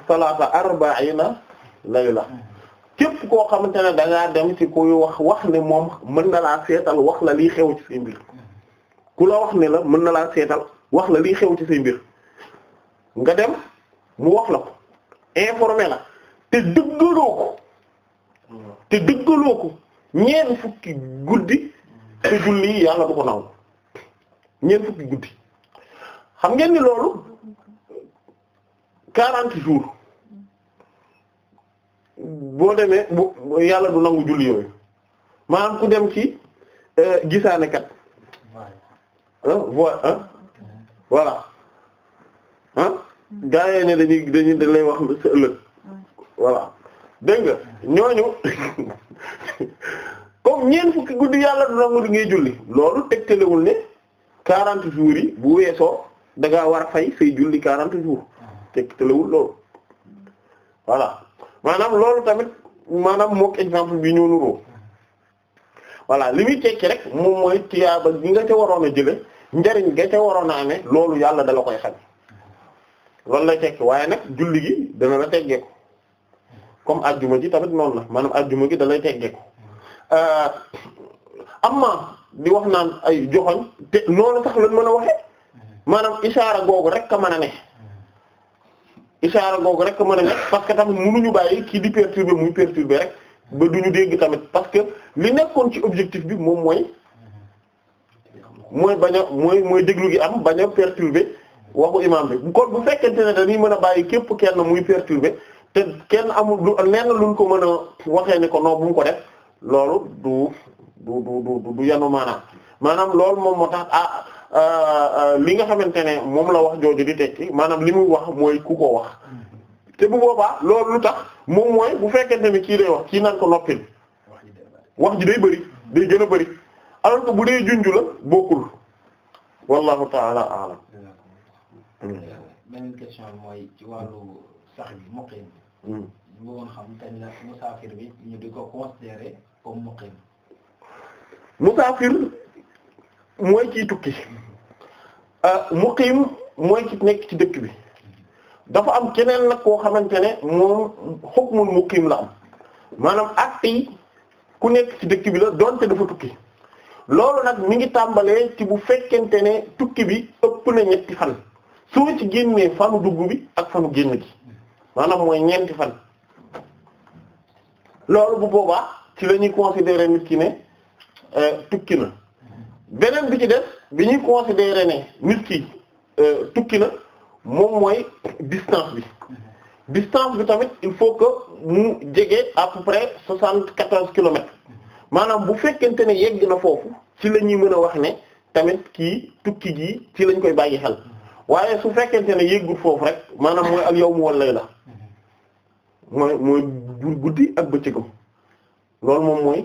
salaata arbaina layla képp koo xamante ne da ngaa dem ci kuy wax wax ne moom mën na laa seetal wax la lii xew ci say mbir la mën na laa seetal wax la lii xew ci say mbir nga dem mu wax la ko informé la te dëggaloo ko te dëggaloo ko ñeent fukki guddi te julli yàlla du ko nangu ñeent fukki guddi xam ngeen ni loolu quarante jours boo demee bu yàlla du nangu julli yooyu maanaam ku dem ci euh, gisaane kat ah voilà ah gaa yi ne dañuy dañuy dañ lay wax sa ëllëg voilà nga ñooñu comme ñeent fukki guddi yàlla du nangu julli loolu tegtalewul ne quarante jours yi bu weesoo da war a fay say julli 40 jours ah. te tëlawul loolu voilà maanaam loolu tamit maanaam mook exemple bi ñoo nuroo voilà li muy tekki rek moom mooy tiyaaba gi nga ca waroon a jële njariñ ga ca waroon a amee loolu yàlla dala koy xam loolu lay tekki waaye nag julli gi dana la teggeeku comme ajjuma ji tamit noonu la maanaam ajjuma gi dalay teggeeku euh, amma di wax naan ay joxoñ te noonu sax lañ mën a waxee maanaam ishaara googu rek a mën a ne ishaara googu rek ka mën a ne parce que tamit mënuñu bàyyi kii di perturber muy perturber rek du ñu dégg tamit parce que li nekkoon ci objectif bi moom mooy mooy bañ mooy mooy déglu gi am bañ a perturber waxu imam bi kon bu fekkente ne dañuy mën a bàyyi képp kenn muy perturber te kenn amul lu lenn luñ ko mën a waxee ne ko non bu mu ko def loolu du du du du du yanu maanaam maanaam loolu moom moo tax ah Euh, euh, li nga xamante ne moom la wax jooju di tekki maanaam li muy wax mooy ku ko wax te bu boobaa loolu lu tax moom mooy bu fekkente ni kii lay wax kii naan ko noppil wax ji day bëri day gën a bëri alors que bu dee junju la bokkul wallahu taala alam beneen question bi mooy ci wàllu sax bi muqim hmm. xam kañ la musaafir bi ñu di ko considérer comme muqim mooy kiy tukki euh, muqiim mooy ki nekk ci dëkk bi dafa am keneen nag koo xamante ne moom hukmul muqiim la am maanaam ak yi ku nekk ci dëkk bi la donte dafa tukki loolu nag mi ngi tàmbalee ci bu fekkente ne tukki bi ëpp na ñetti fan soo ci génnee fanu dugg bi ak fanu génn gi maanaam mooy ñeenti fan loolu bu boobaa ci la ñuy considérer nit ki ne euh, tukki na beneen bi ci def bi ñuy considérer ne nit ki euh, tukki na moom mooy distance bi distance bi tamit il faut que mu jege à peu près soixante quatorze kilomètres maanaam bu fekkente ne yegg na foofu ci la ñuy mën a wax ne tamit kii tukki ji ci lañ koy bàyyi xel waaye su fekkente ne yeggul foofu rek maanaam mooy al yawmu wal layla mooy mooy guddi ak bëccëg loolu moom mooy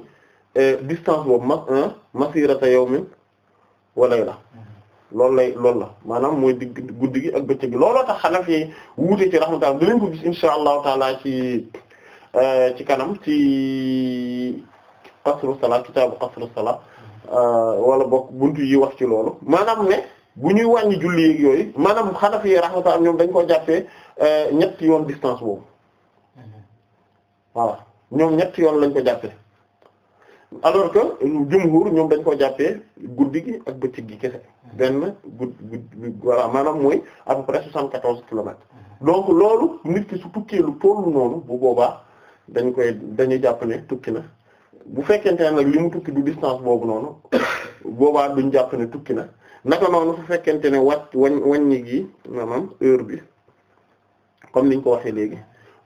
euh, distance boobu mas un masirata yawmin walay la loolu lay loolu la maanaam mooy digg guddi gi ak bëccëg gi looloo tax xanaa fi wuute ci bi dinañ ko gis insha allahu taala ci euh, ci kanam ci qasru salat kitaabu qasru salat euh, wala bokk buntu yi wax ci loolu maanaam ne bu ñuy wàññi julli yeeg yooyu maanaam xanaa fi rahmatullah ñoom dañ ko jàppee euh, ñetti yoon distance boobu waaw mm-hmm. ñoom ñetti yoon lañ ko jàppee. alors que jumhur ñoom dañ ko jàppee guddi gi ak bëccëg gi kese benn gudd gudd voilà maanaam mooy à peu près quatorze kilomètres donc loolu nit ki su tukkee lu tollu noonu bu boobaa dañ koy dañuy jàpp ne tukki na bu fekkente ne nag li mu tukki du distance boobu noonu boobaa duñ jàpp ne tukki na naka noonu su fekkente ne wàcc wañ wañ wàññi gi maanaam heure bi comme niñ ko waxee léegi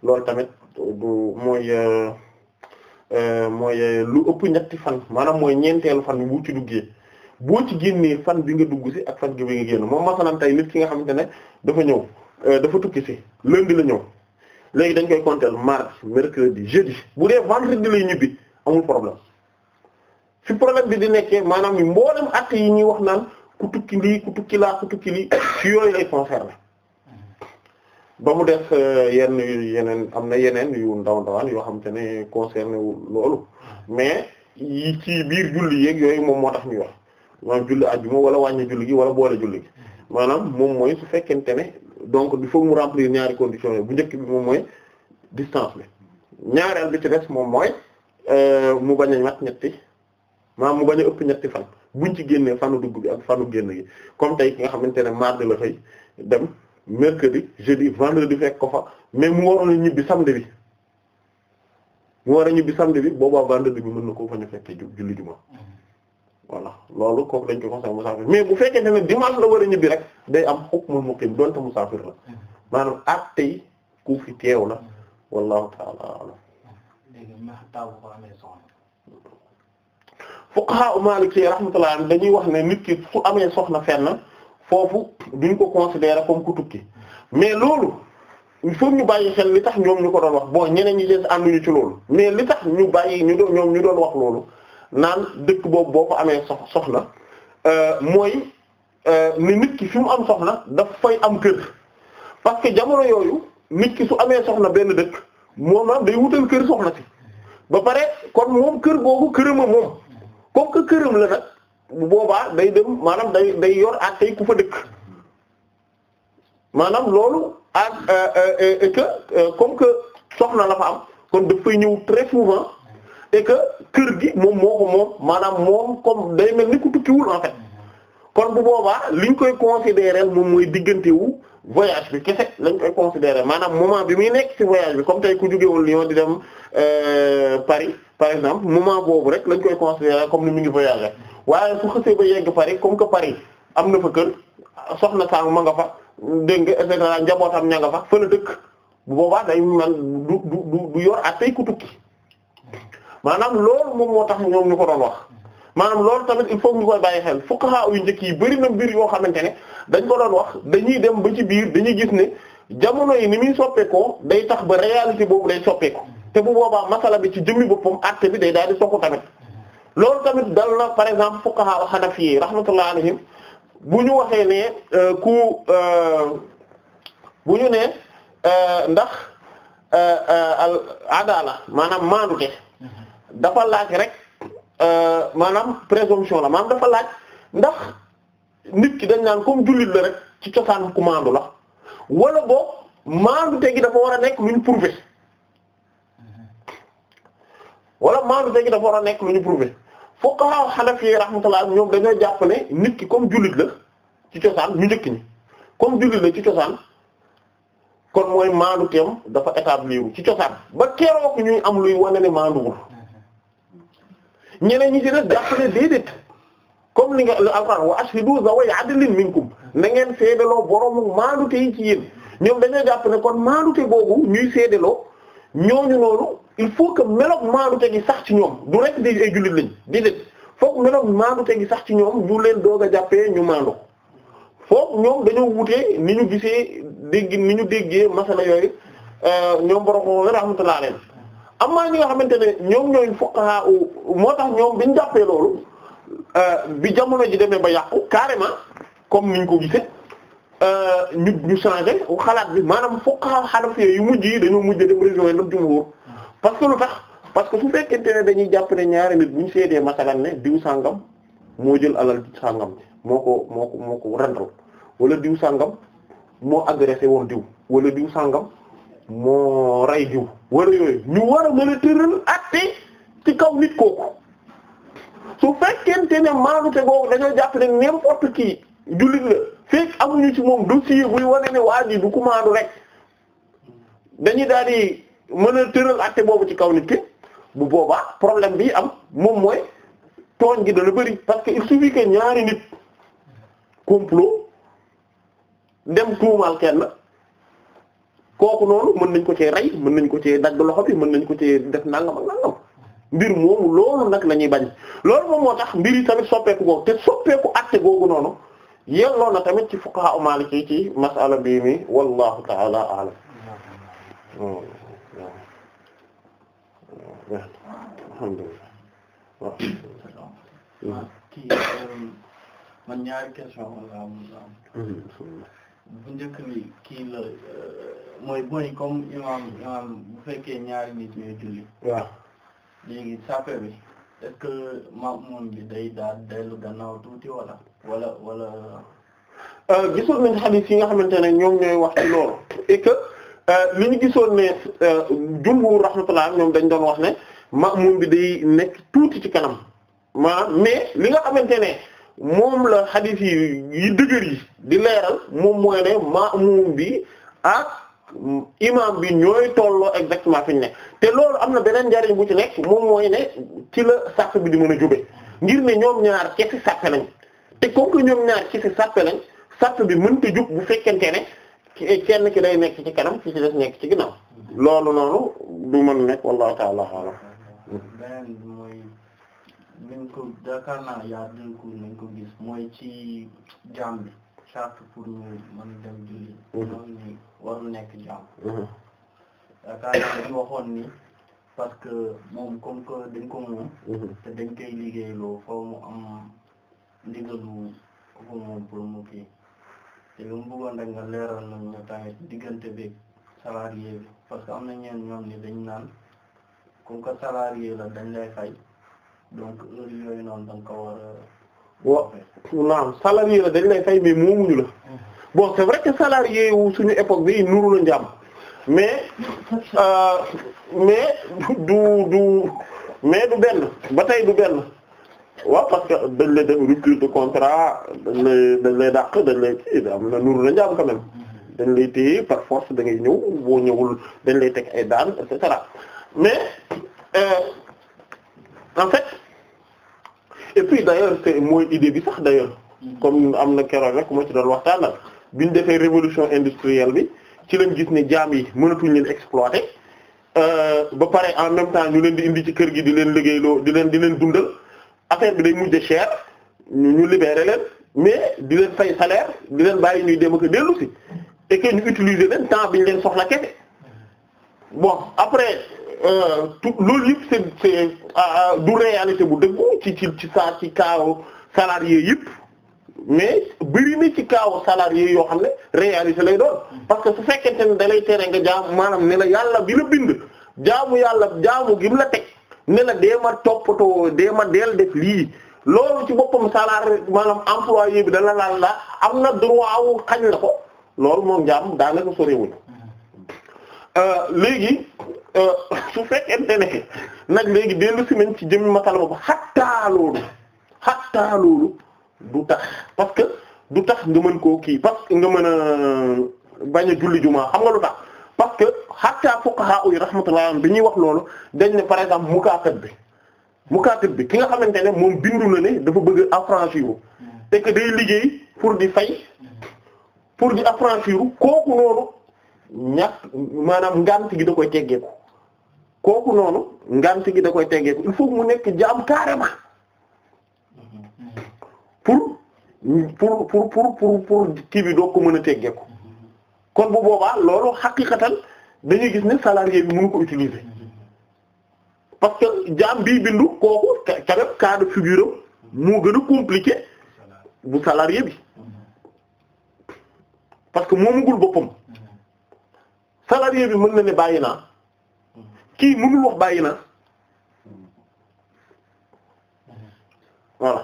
loolu tamit du mooy euh, Euh, mooy euh, lu ëpp ñetti fan maanaam mooy ñeenteelu fan bu ci duggee boo ci génnee fan bi nga dugg si ak fan bi nga génn moom masalan tey nit ki nga xamante ne dafa ñëw euh, dafa tukki si lundi la ñëw léegi dañ koy compter mardi mercredi jeudi bu dee vendredi lay ñibbi amul problème fi problème bi di nekkee maanaam mboolem at yi ñuy wax naan ku tukki lii ku tukki laa ku tukki lii ci yooyu lay concerné ba mu def euh, yenn yeneen am na yeneen yu ndaw ndawaan yoo xam te ne concerné wu loolu hmm. mais yi ci biir julli yeeg yooyu moom moo tax ñuy wax maanaam julli ajjuma wala wàññi julli gi wala boole julli hmm. maanaam moom mooy su fekkente ne donc il faut mu remplir ñaari conditions yi bu njëkk bi moom mooy distance bi ñaareel bi ci des moom mooy euh, mu bañ a mat ñetti maanaam mu bañ a ëpp ñetti fan buñ ci génnee fanu dugg bi ak fanu génn gi comme tey ki nga xamante ne mardi la xëy dem mercredi jeudi vendredi fekk ko fa mais mu waroon a ñibbi samedi bi mu war ñibbi samedi bi boobaa vendredi bi mën na koo fa ñu fekkee julli juma voilà loolu kooku dañ ko conseillé musaafir bu fekkee ne dimanche la war a rek day am hukmul muqim donte musaafir la maanaam at tey ku fi teew la wallahu ta'ala a'lam. léegi fuqaha Maliki rahmatullah dañuy wax ne nit ki su amee soxna fenn. foofu duñ ko considérer comme ku tukki mais loolu il faut ñu bàyyi xel li tax ñoom ñu ko doon wax boo ñenee ñi des ànduñu ci loolu mais li tax ñu bàyyi ñu doon ñoom ñu doon wax loolu naan dëkk boobu boo ko amee sox soxna euh, mooy euh, ni nit ki fi mu am soxna daf fay am kër parce que jamono yooyu nit ki su amee soxna benn dëkk moom la ah, day wutal kër soxna si ba pare kon moom kër googu këram a moom comme que këram la nag. bu boobaa day dem maanaam day day yor attey ku fa dëkk maanaam loolu ak euh, euh, et que euh, comme que soxna la fa am kon dafay ñëw très souvent et que kër gi moom moo ko moom maanaam moom comme day mel ni ku tukkiwul en fait kon bu boobaa liñ koy considérer moom mooy diggante wu voyage bi kese lañ koy considérer maanaam moment bi muy nekk ci voyage bi comme tey ku jógewoon Lyon di dem Paris par exemple moment boobu rek lañ koy considérer comme ni mu ngi voyager waaye su xasee ba yegg Paris comme que Paris am na fa kër soxna sang ma nga fa dégg nga et njabootam ña nga fa fa la dëkk boobaa day man du du yor at tey ku tukki maanaam loolu moom moo tax ñoom ñu ko doon wax maanaam loolu tamit il faut ñu koy bàyyi xel fuqaha yu njëkk yi bari na mbir yoo xamante ne dañ ko doon wax dañuy dem ba ci biir dañuy gis ne jamono yi ni muy soppeekoo day tax ba réalité boobu day soppeeku te bu boobaa masala bi ci jëmmi boppam acte bi daal di soppu tamit. loolu tamit dal na par exemple fuqaha hanafi yi rahmatullah alayhim bu ñu waxee ne euh, ku euh, bu ñu ne euh, ndax al adala maanaam maandute dafa laaj rek maanaam présomption la maanaam dafa laaj ndax nit ki dañ naan comme jullit la rek ci cosaan ku la wala boo maandute gi dafa war a nekk luñ prouver wala maandu tegi dafa war a nekk lu ñu prouvé fuqaha hanafi rahmatullah ñoom dañoo jàppale ne nit ki comme jullit la ci cosaan ñu njëkk ñi comme jullit la ci cosaan kon mooy maandu teem dafa établir ci cosaan ba keroog ñuy am luy wane ne maanduwul ñeneen ñi ci def jàpp ne déedéet comme li nga le alquran wa ashhidu zaway adlin minkum na ngeen seedaloo boroomu maandu te yi ci yéen ñoom dañoo jàpp ne kon maandu te boobu ñuy seedaloo ñooñu il faut que meloog maanute gi sax ci ñoom du rek di ay jullit lañ di def foog meloog maanute gi sax ci ñoom ñu leen doog a jàppee ñu maandu foog ñoom dañoo wutee ni ñu gisee dégg ni ñu déggee masala yooyu euh, ñoom borom ko rahmatullah alayhi am na ñi nga xamante ne ñoom ñooy fuqaha moo tax ñoom biñ jàppee loolu euh, bi jamono ji demee ba yàqu carrément comme niñ ko gisee euh, ñu ñu changé xalaat bi maanaam fuqaha Hanafi yu mujj yi dañoo mujj dem région yi nag jumhur parce que lu tax parce que su fekkente ne dañuy jàpp ne ñaari nit bu ñu seedee masalan ne diw sàngam moo jël alal sàngam moo ko moo ko moo ko rendal wala diw sàngam moo agressé woon diw wala diw sàngam moo rey diw wala yooyu ñu war a mën a tëral atte ci kaw nit kooku su fekkente ne maanute googu dañoo jàpp ne n'importe qui jullit la fekk amuñu ci moom dossier buy wane ne waa ji du ku maandu rek dañuy daal mën a tëral àtte boobu ci kaw nit ki bu boobaa problème bi am moom mooy tooñ gi dana bëri parce que il suffit que ñaari nit complot dem tuumaal kenn kooku noonu mën nañ ko cee rey mën nañ ko cee dagg loxo bi mën nañ ko cee def nangam ak nangam mbir moomu loolu nag la ñuy bañ loolu moom moo tax mbir yi tamit soppeeku googu te soppeeku àtte googu noonu yelloo na tamit ci fuqaha Maliki ci masala bii mi wallahu ta'ala a'lam alhamdulilah waaw kii man ñaari question wala am bu njëkk bi kii la mooy boy comme imam imam bu fekkee ñaari nit ñuy julli waaw léegi sappe bi est-ce que maamum bi day daal dellu gannaaw tuuti wala wala wala gisoon nañ xadiis nga xamante ne ñoom ñooy wax ci Euh, li ñu gisoon ne euh, jumhur rahmatullah ñoom dañ doon wax ne ma'mum bi day nekk tuuti ci kanam ma mais li nga xamante ne moom la xadiis yi yi dëgër yi di leeral moom mooy ne ma'mum bi ak imam bi ñooy tolloo exactement fi ne te loolu am na beneen njariñ bu ci nekk moom mooy ne ci la sàpp bi di mën a jube ngir ne ñoom ñaar kesi sàppe lañ te comme que ñoom ñaar kesi sàppe lañ sàpp bi mënta jub bu fekkente ne kenn ki lay nekk ci kanam ki ci des nekk ci ginnaaw loolu noonu du mën nekk wallahu ta'ala a'lam mooy nañ ko yaakaar naa yaa dén ko nañ ko gis mooy ci jaam bi sart pour ñu mën a dem julli ñoom mhm. ni waru nekk jaam mhm. yaakaar naa dañ waxoon ni parce que moom comme que dañ ko moom mhm. te dañ koy liggéeyloo foofu mu am ndigalu ko moom pour mu kii te mu bëggoon rek nga nañ ñu diggante bi salarié bi parce que am na ñeen ñoom ni dañ naan kon que salarié la dañ lay fay donc heure yooyu noonu da nga ko war a. la dañ lay fay mais moomuñu la mm-hmm. bon c'est vrai que wu suñu époque bi nuru la njàmm mais euh, mais du du mais du benn ba tey du benn. waaw parce que dañ lay def rupture de contrat dañ lay dañ lay dàq dañ lay kii am na nuru na njaam quand même dañ lay téye par force da ngay ñëw boo ñëwul dañ lay teg ay daan et cetera mais euh, en fait et puis d'ailleurs c'est mooy idée bi sax d'ailleurs comme am na keroog rek moo ci doon waxtaanal bi ñu defee révolution industrielle bi ci lañ gis ne jaam yi mënatuñ leen exploiter euh, ba pare en même temps ñu leen di indi ci kër gi di leen liggéeyloo di leen di leen dundal affaire bi day mujj cher ñu ñu libéré leen mais di leen fay salaire di leen bàyyi ñuy dem ak dellu si et ñu utiliser leen temps bi ñu leen soxla kese bon après euh, tout loolu yëpp c'est ah, ah, du réalité bu dëggu ci ci ci saa ci kaaw salarié yëpp mais bëri na ci kaaw salarié yoo xam ne réalité lay doon parce que su fekkente ne da lay tere nga jaam maanaam ne la yàlla bi la bind jaamu yàlla jaamu gi mu la teg. ne la dee ma toppatoo dee ma deel def lii loolu ci boppam salaire maanaam employé bi dana laal la am na droit wu xañ la ko loolu moom jaam daanaka sorewuñ euh, léegi euh, su fekkente ne nag léegi dellu si ci jëmmi ma boobu xattaa loolu xattaa loolu du tax parce que du tax nga mën koo kii parce nga mën a bañ a julli jumaa xam nga lu tax parce que hatta fuqaha yi rahmatullah bi ñuy wax loolu dañ ne par exemple mukaatib bi mu mukaatib bi ki nga xamante ne moom bindu na ne dafa bëgg affranchir te que day liggéey pour di fay pour di affranchir kooku noonu ñàkk maanaam ngant gi da koy teggeeku kooku noonu ngant gi da koy teggeeku il faut mu nekk jaam carrément pour pour pour pour pour pour kii bi doo ko mën a teggeeku kon bu boobaa loolu xaqiqatan dañuy gis ne salarié bi mënu ko utiliser parce que jaam bii bindu kooku quand même cas de figure moo gën a compliqué bu salarié bi parce que moomugul boppam salarié bi mën na ne bàyyi naa kii mënul wax bàyyi naa voilà.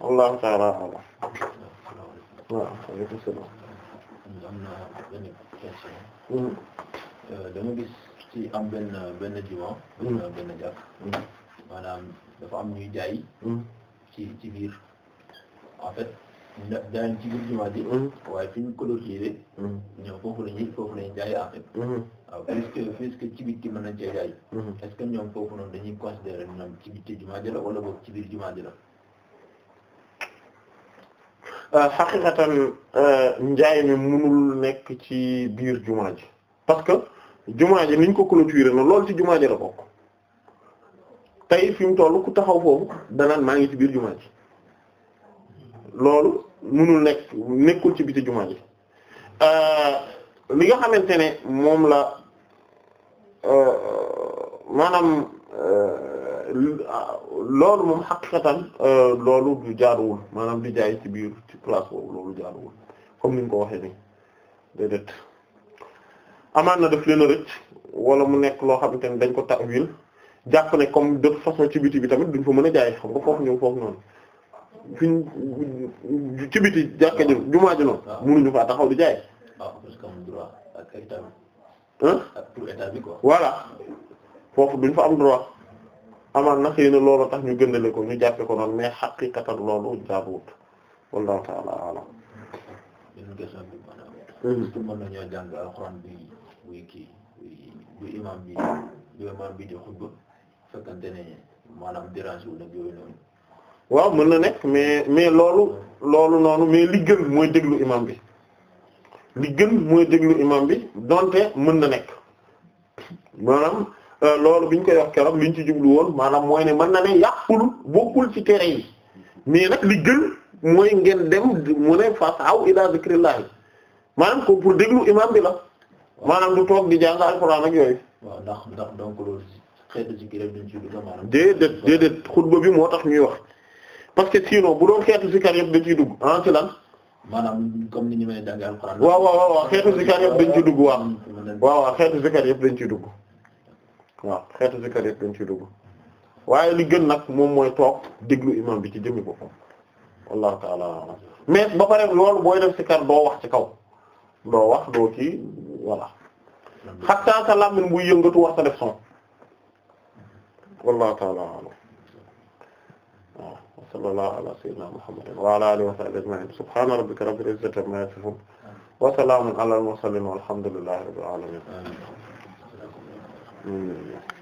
Allahu ta'ala. Wa alaykum salaam. am na benn question. dama gis ci am benn benn jumaa. benn jàkk. maanaam dafa am ñuy jaay. ci ci biir en fait. da daañu ci biir jumaa ji. waaye fi ñu clôturer. ñoom foofu la ñuy foofu la ñuy jaayee en fait. waaw ci biir ci mën a jaay. est-ce que ñoom foofu noonu dañuy considérer ñoom ci biir jumaa ji wala boog ci biir jumaa ji Euh, xaqiqatan euh, njaay mi mënul nekk ci biir jumaa ji parce que jumaa ji niñ ko clôturer na loolu ci jumaa ji la bokk tey fi mu toll ku taxaw foofu danaan maa ngi ci biir jumaa loolu mënul nekk nekkul ci biti jumaa euh, li nga xamante ne moom la maanaam loolu moom xaqiqatan euh, loolu du jaaduwul maanaam di jaay ci biir ci place boobu loolu jaaduwul comme ni ñu ko waxee nii déedéet amaan na def leen rëcc wala mu nekk loo xamante ne dañ ko ta'wil jàpp ne comme de façon ci biti bi tamit duñ fa mën a jaay xam nga foofu ñoom foofu noonu fiñ ci biti jàkka ji jumaa ji noonu mënuñu taxaw di jaay voilà foofu duñ fa am droit amaan na xëy na loolu tax ñu gëndale ko ñu jàppe ko noonu mais xaqiqatan loolu jaabuwut wallahu ta'ala a'lam benn mhm. question bi maanaam est-ce bi kii bi bi di xutba fekkante ne maanaam waaw mën na nekk mais mais loolu loolu noonu mais li gën mooy déglu imam bi li gën mooy déglu imam bi donte mën na nekk maanaam Euh, loolu bi ñu koy wax keroog li ñu ci jublu woon maanaam mooy ne man na ne yàqul bokkul ci tere yi mais nag li gën mooy ngeen dem mu ne fas ilaa ila zikrillah maanaam ko pour déglu imam bi la maanaam du toog di jàng alxuraan ak yooyu. waaw ndax ndax donc loolu xeetu ci gërëm dañ ci dugg maanaam. déedéet déedéet xutba bi moo tax ñuy wax parce que sinon bu doon xeetu zikar yëpp dañ ciy dugg ah ci lan. maanaam comme ni ñu may jàng alxuraan. waaw waaw waaw xeetu zikar yëpp dañ ciy dugg waaw. waaw waaw xeetu zikar yëpp dañ ciy dugg. waaw xeetu zikar yëpp dañ ci dugg waaye li gën nag moom mooy toog déglu imam bi ci jëmmi boppam wallahu ta'ala alam mais ba pare loolu booy def zikar doo wax ci kaw doo wax doo ci voilà xattaa sa làmmiñ buy yëngatu wax sa def son wallahu ta'ala alam waaw wa sallallahu ala a muhammadin wa ala alihi wa sahbihi ajma'in subhana rabbika rabbil izzati amma yasifun wa salamun ala al mursalin walhamdulillahi rabbil alamin Mm.